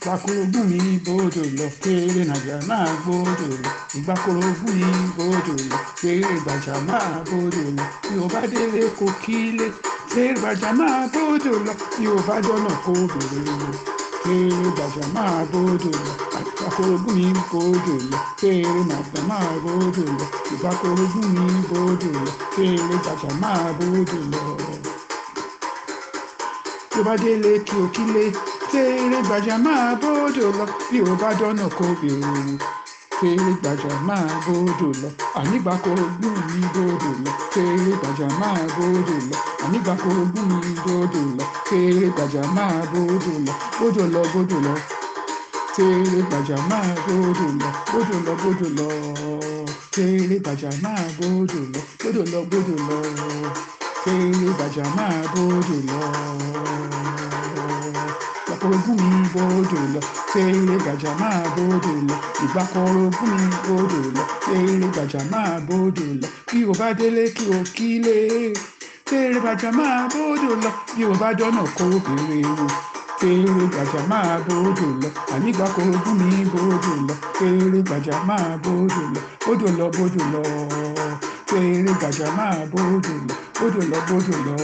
ìgbàkorogún mi bodò lọ kéré nàjà máa bodò lọ ìgbàkorogún mi bodò lọ kéré gbàjà máa bodò lọ bí o bá délé kó kílé kéré gbàjà máa bodò lọ bí o bá jọ́nà kó bèrè lọ kéré gbàjà máa bodò lọ ìgbàkorogún mi bodò lọ kéré nàjà máa bodò lọ ìgbàkorogún mi bodò lọ kéré gbàjà máa bodò lọ. bí délé kí kílé fèrè gbàjà máa bódò lọ bí o bá dọ́nà kó bèrè fèrè gbàjà máa bódò lọ ànígbà kó gùn mí bódò lọ fèrè gbàjà máa bódò lọ ànígbà kó gùn mí bódò lọ fèrè gbàjà máa bódò lọ bódò lọ bódò lọ fèrè gbàjà máa bódò lọ bódò lọ bódò lọ fèrè gbàjà máa bódò lọ bódò lọ bódò lọ fèrè gbàjà máa bódò lọ ogún mi bòdò lọ ṣe eré gbàjà máa bòdò lọ ìgbàkọ̀rọ̀ ogún mi bòdò lọ ṣe eré gbàjà máa bòdò lọ kí o bá délé kí o kílé ṣe eré gbàjà máa bòdò lọ bí o bá dọ́nà kó bèrè wò fèrè gbàjà máa bòdò lọ ànígbàkọ̀ ogún mi bòdò lọ fèrè gbàjà máa bòdò lọ bòdò lọ bòdò lọ fèrè gbàjà máa bòdò lọ bòdò lọ bòdò lọ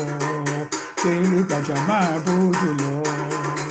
fèrè gbàjà máa bòdò lọ.